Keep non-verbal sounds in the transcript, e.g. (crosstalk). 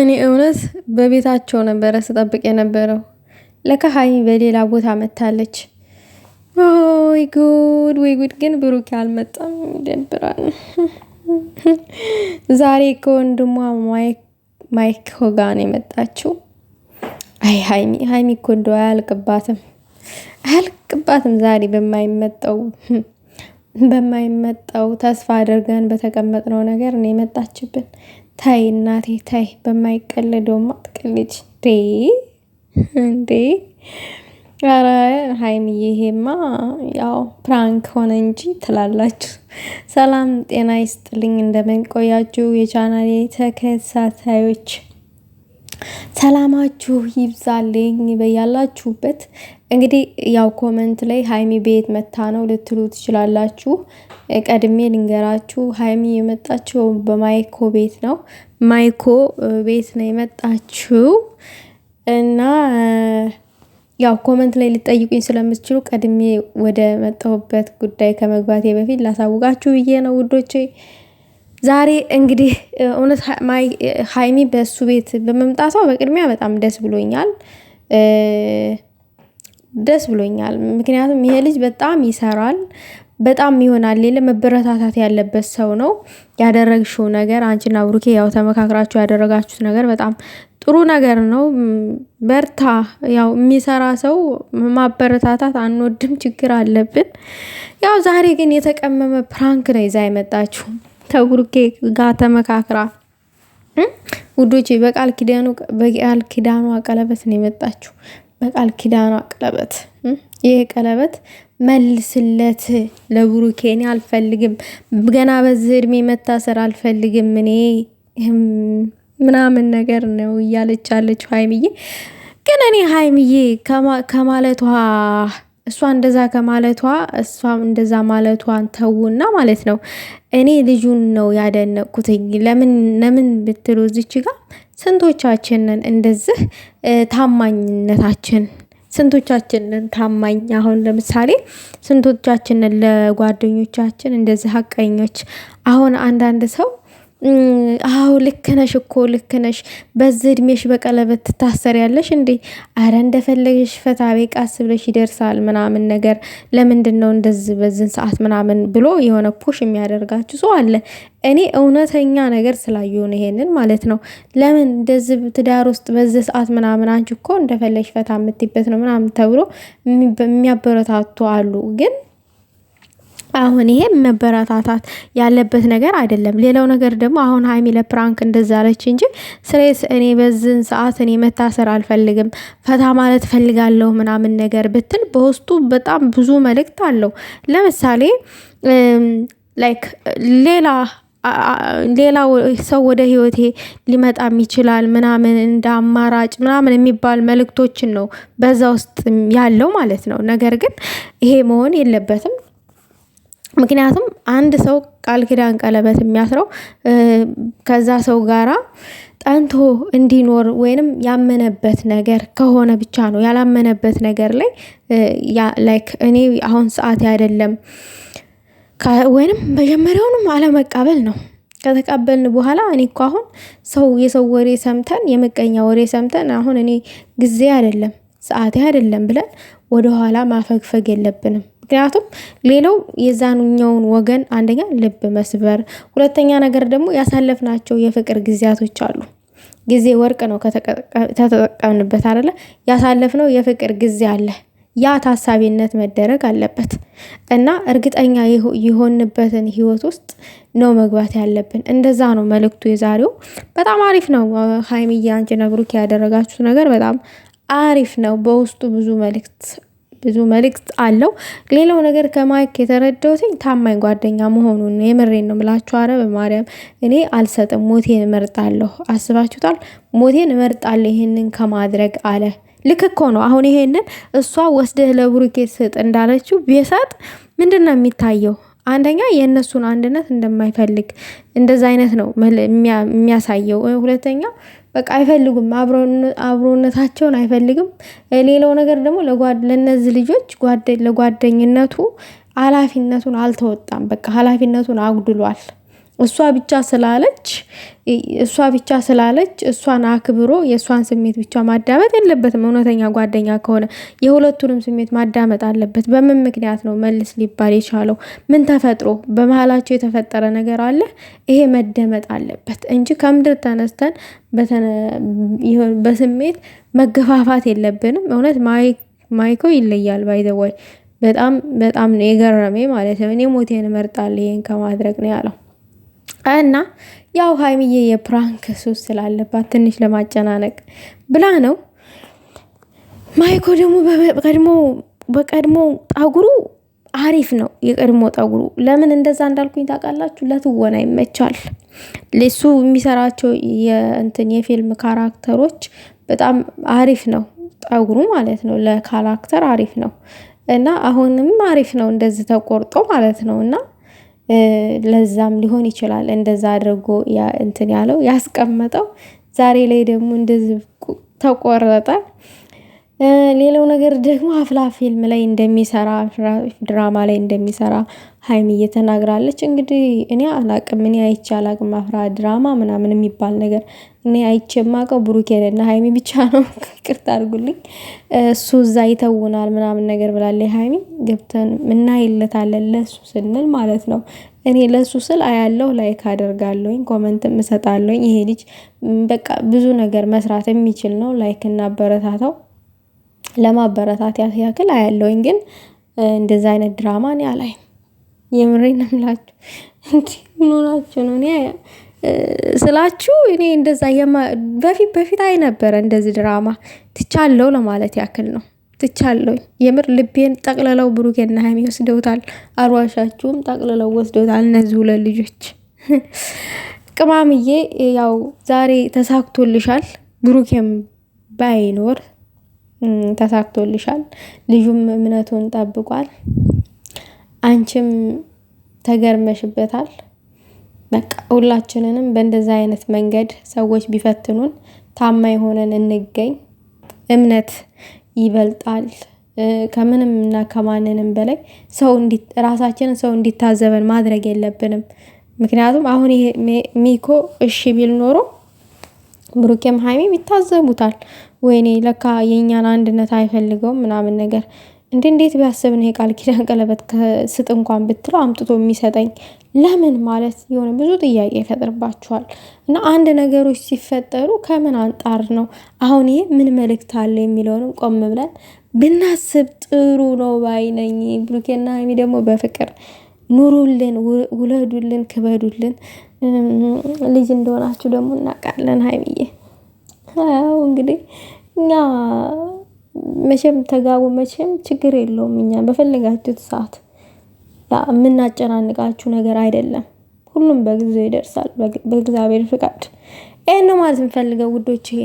እኔ እውነት በቤታቸው ነበረ ስጠብቅ የነበረው። ለካ በሌላ ቦታ መታለች። ወይ ጉድ ወይ ጉድ! ግን ብሩክ አልመጣም። ይደብራል። (laughs) ዛሬ ከወንድሟ ማይክ ሆጋን የመጣችው። አይ ሀይሚ ሀይሚ እኮ እንደው አያልቅባትም አያልቅባትም። ዛሬ በማይመጣው (laughs) በማይመጣው ተስፋ አድርገን በተቀመጥነው ነገር ነው የመጣችብን። ታይ እናቴ ታይ በማይቀለደውም አትቀልጅ ዴ እንዴ ኧረ ሀይሚዬ ይሄማ ያው ፕራንክ ሆነ እንጂ ትላላችሁ። ሰላም ጤና ይስጥልኝ። እንደምን ቆያችሁ የቻናሌ ተከታታዮች? ሰላማችሁ ይብዛልኝ በያላችሁበት። እንግዲህ ያው ኮመንት ላይ ሀይሚ ቤት መታ ነው ልትሉ ትችላላችሁ። ቀድሜ ልንገራችሁ ሀይሚ የመጣችው በማይኮ ቤት ነው። ማይኮ ቤት ነው የመጣችው እና ያው ኮመንት ላይ ልጠይቁኝ ስለምትችሉ ቀድሜ ወደ መጣሁበት ጉዳይ ከመግባቴ በፊት ላሳውቃችሁ ብዬ ነው ውዶቼ። ዛሬ እንግዲህ እውነት ሀይሚ በእሱ ቤት በመምጣቷ በቅድሚያ በጣም ደስ ብሎኛል። ደስ ብሎኛል ምክንያቱም ይሄ ልጅ በጣም ይሰራል፣ በጣም ይሆናል ሌለ መበረታታት ያለበት ሰው ነው። ያደረግሽው ነገር አንቺና ብሩኬ ያው ተመካክራችሁ ያደረጋችሁት ነገር በጣም ጥሩ ነገር ነው። በርታ። ያው የሚሰራ ሰው ማበረታታት አንወድም፣ ችግር አለብን። ያው ዛሬ ግን የተቀመመ ፕራንክ ነው ይዛ አይመጣችሁም። ከጉርጌ ጋር ተመካክራ ውዶቼ በቃል ኪዳኑ በቃል ኪዳኗ ቀለበት ነው የመጣችው። በቃል ኪዳኗ ቀለበት ይህ ቀለበት መልስለት ለብሩኬ። እኔ አልፈልግም፣ ገና በዚህ እድሜ መታሰር አልፈልግም እኔ ምናምን ነገር ነው እያለች ያለችው ሀይምዬ። ግን እኔ ሀይምዬ ከማለቷ እሷ እንደዛ ከማለቷ እሷ እንደዛ ማለቷን ተዉና ማለት ነው። እኔ ልጁን ነው ያደነቅኩትኝ። ለምን ለምን ብትሉ እዚች ጋር ስንቶቻችንን እንደዚህ ታማኝነታችን ስንቶቻችንን ታማኝ አሁን ለምሳሌ ስንቶቻችንን ለጓደኞቻችን እንደዚህ ሀቀኞች አሁን አንዳንድ ሰው አዎ ልክ ነሽ እኮ ልክ ነሽ። በዚህ እድሜሽ በቀለበት ያለሽ እንዴ? አረ እንደፈለግሽ ፈታ ቤ ቃስ ብለሽ ይደርሳል ምናምን ነገር ለምንድን ነው እንደዚህ በዚህን ሰዓት ምናምን ብሎ የሆነ ፑሽ የሚያደርጋችሁ ሰው አለ። እኔ እውነተኛ ነገር ስላየሆነ ይሄንን ማለት ነው። ለምን እንደዚህ ትዳር ውስጥ በዚህ ሰዓት ምናምን አንቺ እኮ እንደፈለግሽ ፈታ የምትይበት ነው ምናምን ተብሎ የሚያበረታቱ አሉ ግን አሁን ይሄ መበረታታት ያለበት ነገር አይደለም። ሌላው ነገር ደግሞ አሁን ሀይሚ ለፕራንክ እንደዛ አለች እንጂ ስሬስ እኔ በዝን ሰዓት እኔ መታሰር አልፈልግም ፈታ ማለት ፈልጋለሁ ምናምን ነገር ብትል በውስጡ በጣም ብዙ መልእክት አለው። ለምሳሌ ላይክ ሌላ ሌላ ሰው ወደ ህይወቴ ሊመጣም ይችላል ምናምን እንደ አማራጭ ምናምን የሚባል መልእክቶችን ነው በዛ ውስጥ ያለው ማለት ነው። ነገር ግን ይሄ መሆን የለበትም። ምክንያቱም አንድ ሰው ቃል ኪዳን ቀለበት የሚያስረው ከዛ ሰው ጋራ ጠንቶ እንዲኖር ወይንም ያመነበት ነገር ከሆነ ብቻ ነው። ያላመነበት ነገር ላይ ላይክ እኔ አሁን ሰዓት አይደለም ወይንም መጀመሪያውንም አለመቃበል ነው። ከተቀበልን በኋላ እኔ እኮ አሁን ሰው የሰው ወሬ ሰምተን የምቀኛ ወሬ ሰምተን አሁን እኔ ጊዜ አይደለም ሰዓቴ አይደለም ብለን ወደኋላ ማፈግፈግ የለብንም። ምክንያቱም ሌላው የዛንኛውን ወገን አንደኛ ልብ መስበር፣ ሁለተኛ ነገር ደግሞ ያሳለፍናቸው የፍቅር ጊዜያቶች አሉ። ጊዜ ወርቅ ነው ከተጠቀምንበት አይደለ? ያሳለፍነው የፍቅር ጊዜ አለ። ያ ታሳቢነት መደረግ አለበት እና እርግጠኛ የሆንበትን ህይወት ውስጥ ነው መግባት ያለብን። እንደዛ ነው መልእክቱ የዛሬው። በጣም አሪፍ ነው። ሀይሚዬ አንቺ ነግሩ ያደረጋችሁት ነገር በጣም አሪፍ ነው። በውስጡ ብዙ መልእክት ብዙ መልእክት አለው። ሌላው ነገር ከማይክ የተረዳሁትኝ ታማኝ ጓደኛ መሆኑን የምሬን ነው ምላችሁ። አረ በማርያም እኔ አልሰጥም፣ ሞቴን እመርጣለሁ። አስባችሁታል? ሞቴን እመርጣለሁ ይህንን ከማድረግ አለ። ልክ እኮ ነው። አሁን ይሄንን እሷ ወስደህ ለብሩኬ ስጥ እንዳለችው ቢሰጥ ምንድን ነው የሚታየው? አንደኛ የእነሱን አንድነት እንደማይፈልግ እንደዛ አይነት ነው የሚያሳየው። ሁለተኛ በቃ አይፈልጉም አብሮነታቸውን አይፈልግም። ሌላው ነገር ደግሞ ለእነዚህ ልጆች ለጓደኝነቱ ሀላፊነቱን አልተወጣም በቃ ሀላፊነቱን አጉድሏል እሷ ብቻ ስላለች እሷ ብቻ ስላለች እሷን አክብሮ የእሷን ስሜት ብቻ ማዳመጥ የለበትም። እውነተኛ ጓደኛ ከሆነ የሁለቱንም ስሜት ማዳመጥ አለበት። በምን ምክንያት ነው መልስ ሊባል የቻለው? ምን ተፈጥሮ በመሀላቸው የተፈጠረ ነገር አለ? ይሄ መደመጥ አለበት እንጂ ከምድር ተነስተን በስሜት መገፋፋት የለብንም። እውነት ማይኮ ይለያል ባይዘወይ በጣም በጣም ነው የገረመኝ ማለት ነው። እኔ ሞቴን እመርጣለሁ ይሄን ከማድረግ ነው ያለው። እና ያው ሀይሚዬ የፕራንክ ሱስ ስላለባት ትንሽ ለማጨናነቅ ብላ ነው። ማይኮ ደግሞ በቀድሞ በቀድሞ ጠጉሩ አሪፍ ነው። የቀድሞ ጠጉሩ ለምን እንደዛ እንዳልኩኝ ታውቃላችሁ? ለትወና ይመቻል። እሱ የሚሰራቸው የእንትን የፊልም ካራክተሮች በጣም አሪፍ ነው ጠጉሩ ማለት ነው። ለካራክተር አሪፍ ነው እና አሁንም አሪፍ ነው እንደዚህ ተቆርጦ ማለት ነው እና ለዛም ሊሆን ይችላል እንደዛ አድርጎ እንትን ያለው ያስቀመጠው ዛሬ ላይ ደግሞ እንደዚህ ተቆረጠ። ሌላው ነገር ደግሞ አፍላ ፊልም ላይ እንደሚሰራ ድራማ ላይ እንደሚሰራ ሀይሚ ተናግራለች። እንግዲህ እኔ አላቅም እኔ አይቼ አላቅም አፍላ ድራማ ምናምን የሚባል ነገር እኔ አይቼ የማውቀው ብሩኬንና ሀይሚ ብቻ ነው። (laughs) ቅርታ አድርጉልኝ። እሱ እዛ ይተውናል ምናምን ነገር ብላለች ሀይሚ። ገብተን እናይለታለን ለሱ ስንል ማለት ነው። እኔ ለሱ ስል አያለው፣ ላይክ አደርጋለሁኝ፣ ኮመንትም እሰጣለሁኝ። ይሄ ልጅ በቃ ብዙ ነገር መስራት የሚችል ነው። ላይክ እናበረታታው። ለማበረታታት ያክል አያለውኝ ግን እንደዚ አይነት ድራማ እኔ አላይም። የምሬ ነው የምላችሁ እንዴ ምን ነው? እኔ ስላችሁ እኔ እንደዛ በፊት በፊት አይ ነበረ እንደዚህ ድራማ ትቻለሁ ለማለት ያክል ነው። ትቻለሁኝ የምር ልቤን ጠቅልለው ብሩኬና ሀይሚ ወስደውታል። አሯሻችሁም ጠቅልለው ወስደውታል እነዚህ ሁለት ልጆች። ቅማምዬ ያው ዛሬ ተሳክቶልሻል ብሩኬም ባይኖር ተሳክቶልሻል። ልጁም እምነቱን ጠብቋል። አንቺም ተገርመሽበታል። በቃ ሁላችንንም በእንደዛ አይነት መንገድ ሰዎች ቢፈትኑን ታማኝ ሆነን እንገኝ። እምነት ይበልጣል ከምንም እና ከማንንም በላይ ሰው ራሳችንን ሰው እንዲታዘበን ማድረግ የለብንም። ምክንያቱም አሁን ይሄ ሚኮ እሺ ቢል ኖሮ ብሩኬም ሀይሚም ይታዘቡታል። ወይኔ ለካ የእኛን አንድነት አይፈልገውም ምናምን ነገር እንዴ እንዴት ቢያስብ ነው ቃል ኪዳን ቀለበት ስጥ እንኳን ብትለው አምጥቶ የሚሰጠኝ ለምን ማለት የሆነ ብዙ ጥያቄ ይፈጥርባቸዋል። እና አንድ ነገሮች ሲፈጠሩ ከምን አንጣር ነው አሁን ይህ ምን መልእክት አለ የሚለውንም ቆም ብለን ብናስብ ጥሩ ነው ባይነኝ። ብሩኬና ሀይሚ ደግሞ በፍቅር ኑሩልን፣ ውለዱልን፣ ክበዱልን። ልጅ እንደሆናችሁ ደግሞ እናውቃለን። ሀይሚዬ እንግዲህ እኛ መቼም ተጋቡ መቼም ችግር የለውም። እኛ በፈለጋችሁት ሰዓት የምናጨናንቃችሁ ነገር አይደለም። ሁሉም በጊዜው ይደርሳል በእግዚአብሔር ፍቃድ። ይህን ነው ማለት የምፈልገው ውዶች። ይሄ